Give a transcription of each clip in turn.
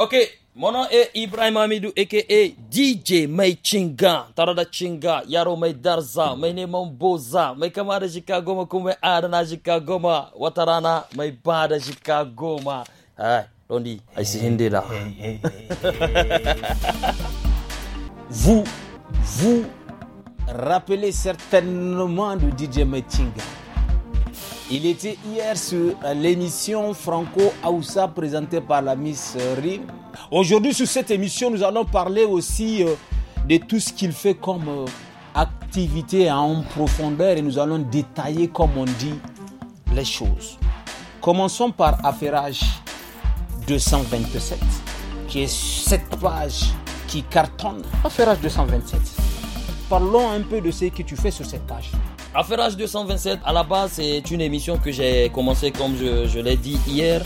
Ok, mon nom est Ibrahim Amidou, a.k.a. DJ May Chinga, Tarada Chinga, Yaro May Darza, May Boza, May Kamara Chicago, Kume Adana goma, Watarana, May Bada Chicago. Hey, Rondi, I see Hindi là. Vous, vous rappelez certainement de DJ May Chinga. Il était hier sur l'émission Franco Aoussa présentée par la Miss Rim. Aujourd'hui sur cette émission, nous allons parler aussi euh, de tout ce qu'il fait comme euh, activité en profondeur et nous allons détailler, comme on dit, les choses. Commençons par Affairage 227, qui est cette page qui cartonne. Affairage 227. Parlons un peu de ce que tu fais sur cette page. Affaire H227, à la base, c'est une émission que j'ai commencé, comme je, l'ai dit hier.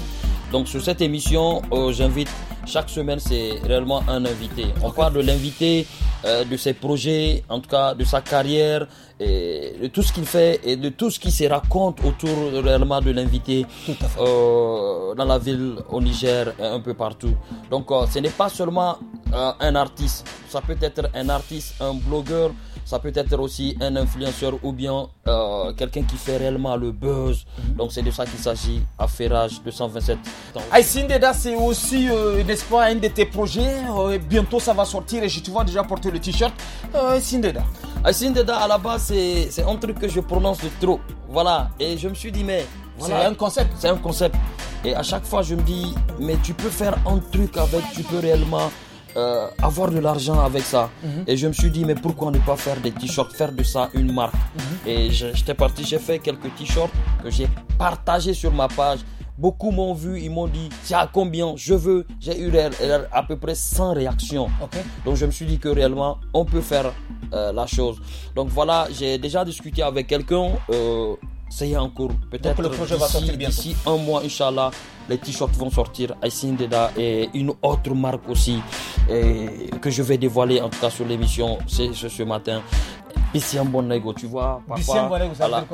Donc, sur cette émission, euh, j'invite chaque semaine, c'est réellement un invité. On parle de l'invité, euh, de ses projets, en tout cas de sa carrière, et de tout ce qu'il fait et de tout ce qui se raconte autour réellement de l'invité euh, dans la ville, au Niger et un peu partout. Donc, euh, ce n'est pas seulement euh, un artiste. Ça peut être un artiste, un blogueur ça peut être aussi un influenceur ou bien euh, quelqu'un qui fait réellement le buzz. Mhm. Donc c'est de ça qu'il s'agit à Ferrage 227. Aïssine c'est aussi nest pas, un de tes projets. Euh, bientôt, ça va sortir et je te vois déjà porter le t-shirt. Euh, Sindeda. Ah, Sindeda, à la base, c'est un truc que je prononce de trop. Voilà. Et je me suis dit, mais. c'est un concept. C'est un concept. Et à chaque fois, je me dis, mais tu peux faire un truc avec, tu peux réellement. Euh, avoir de l'argent avec ça. Mhm. Et je me suis dit, mais pourquoi ne pas faire des t-shirts, faire de ça une marque mhm. Et je Et j'étais parti, j'ai fait quelques t-shirts que j'ai partagé sur ma page. Beaucoup m'ont vu, ils m'ont dit, tiens, combien je veux. J'ai eu à peu près 100 réactions. Donc je me suis dit que réellement, on peut faire euh, la chose. Donc voilà, j'ai déjà discuté avec quelqu'un. Euh, c'est en cours. Peut-être le projet va D'ici un mois, Inch'Allah, les t-shirts vont sortir. Aïsine et une autre marque aussi que je vais dévoiler en tout cas sur l'émission ce, matin. Bissiam Bonnego, tu vois. Papa, Bonnego, ça veut dire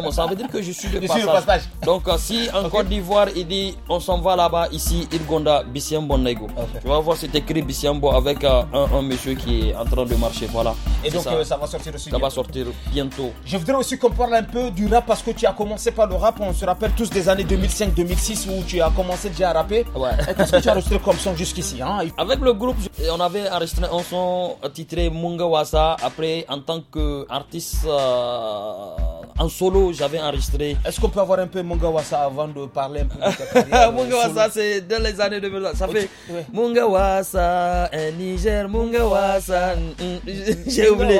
quoi ça veut dire que je suis de, passage. Donc, euh, si en Côte d'Ivoire, il dit on s'en va là-bas, ici, Irgonda, Bissiam Bonnego. Tu vas voir, c'est écrit Bissiambo avec euh, un, un, monsieur qui est en train de marcher. Voilà. Et donc, euh, ça. va sortir aussi. Ça va sortir bientôt. Je voudrais aussi qu'on parle un peu du rap parce que tu as commencé par le rap. On se rappelle tous des années 2005-2006 où tu as commencé déjà à rapper. Ouais. Qu'est-ce que tu as enregistré comme son jusqu'ici hein Avec le groupe, on avait enregistré un son titré Mungawasa. Après, en tant que que artiste euh, en solo j'avais enregistré. Est-ce qu'on peut avoir un peu Mungawasa avant de parler un peu de ta euh, Mungawasa, c'est dans les années 2000. Ça fait ouais. Mungawasa, un Niger, Mungawasa. J'ai oublié.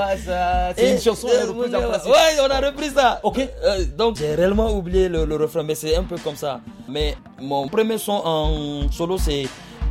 C'est une chanson Ouais, on a repris ça. Ok. Euh, donc, j'ai réellement oublié le refrain, mais c'est un peu comme ça. Mais mon premier son en solo, c'est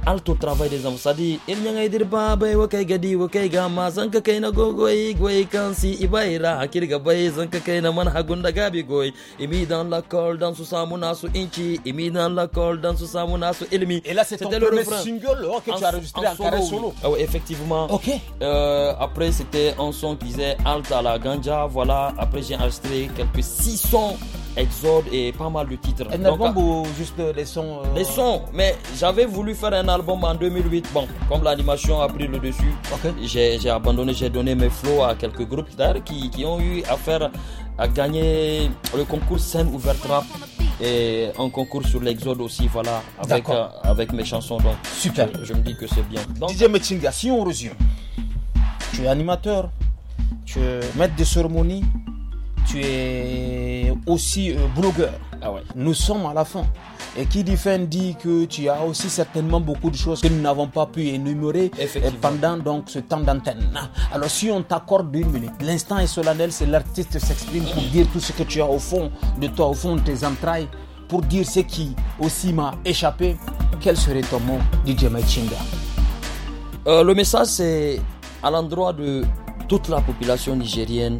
alto travail des enfants sadi il nyanga idir baba wa kai gadi wa kai ga ma zanka kai na gogoi goi kansi ibaira hakir ga bai zanka kai na man hagun da gabi goi imi dans la col, dans su samu nasu inchi imi dans la col, dans su samu nasu ilmi et là c'est ton le premier single que tu as enregistré en, carré solo, solo. Ah ouais, effectivement ok euh, après c'était un son qui disait alta la ganja voilà après j'ai enregistré quelques six sons Exode et pas mal de titres. Un album ou juste les sons Les euh, sons, mais j'avais voulu faire un album en 2008. Bon, comme l'animation a pris le dessus, j'ai abandonné, j'ai donné mes flots à quelques groupes qui, qui ont eu affaire à gagner le concours scène ouverte rap et un concours sur l'exode aussi, voilà, avec, euh, avec mes chansons. Donc, Super. Je, me dis que c'est bien. Donc, DJ si on résume, tu es animateur, tu es maître de cérémonie, tu es aussi euh, blogueur. Ah ouais. Nous sommes à la fin. Et qui dit dit que tu as aussi certainement beaucoup de choses que nous n'avons pas pu énumérer euh, pendant donc ce temps d'antenne. Alors si on t'accorde une minute, l'instant est solennel, c'est l'artiste s'exprime pour dire tout ce que tu as au fond de toi, au fond de tes entrailles, pour dire ce qui aussi m'a échappé. Quel serait ton mot, DJ Machinga euh, Le message c'est à l'endroit de toute la population nigérienne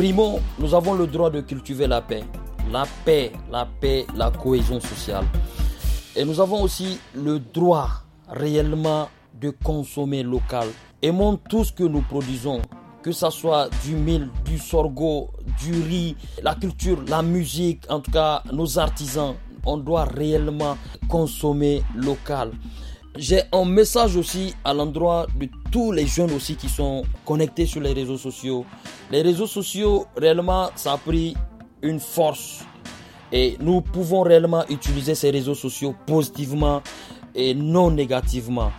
Primo, nous avons le droit de cultiver la paix. La paix, la paix, la cohésion sociale. Et nous avons aussi le droit réellement de consommer local. Aimons tout ce que nous produisons, que ce soit du mil, du sorgho, du riz, la culture, la musique, en tout cas nos artisans. On doit réellement consommer local. J'ai un message aussi à l'endroit de tous les jeunes aussi qui sont connectés sur les réseaux sociaux. Les réseaux sociaux, réellement, ça a pris une force. Et nous pouvons réellement utiliser ces réseaux sociaux positivement et non négativement.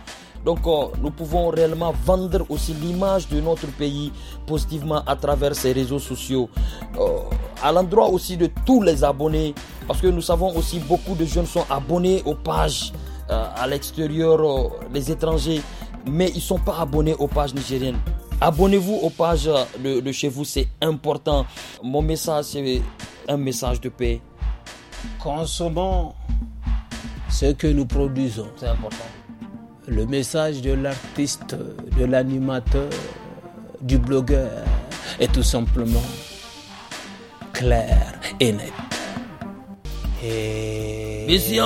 Donc euh, nous pouvons réellement vendre aussi l'image de notre pays positivement à travers ces réseaux sociaux, euh, à l'endroit aussi de tous les abonnés, parce que nous savons aussi beaucoup de jeunes sont abonnés aux pages euh, à l'extérieur, euh, les étrangers, mais ils ne sont pas abonnés aux pages nigériennes. Abonnez-vous aux pages euh, de, chez vous, c'est important. Mon message, c'est un message de paix. Consommons ce que nous produisons. C'est important. Le message de l'artiste, de l'animateur, du blogueur est tout simplement clair et net. Et...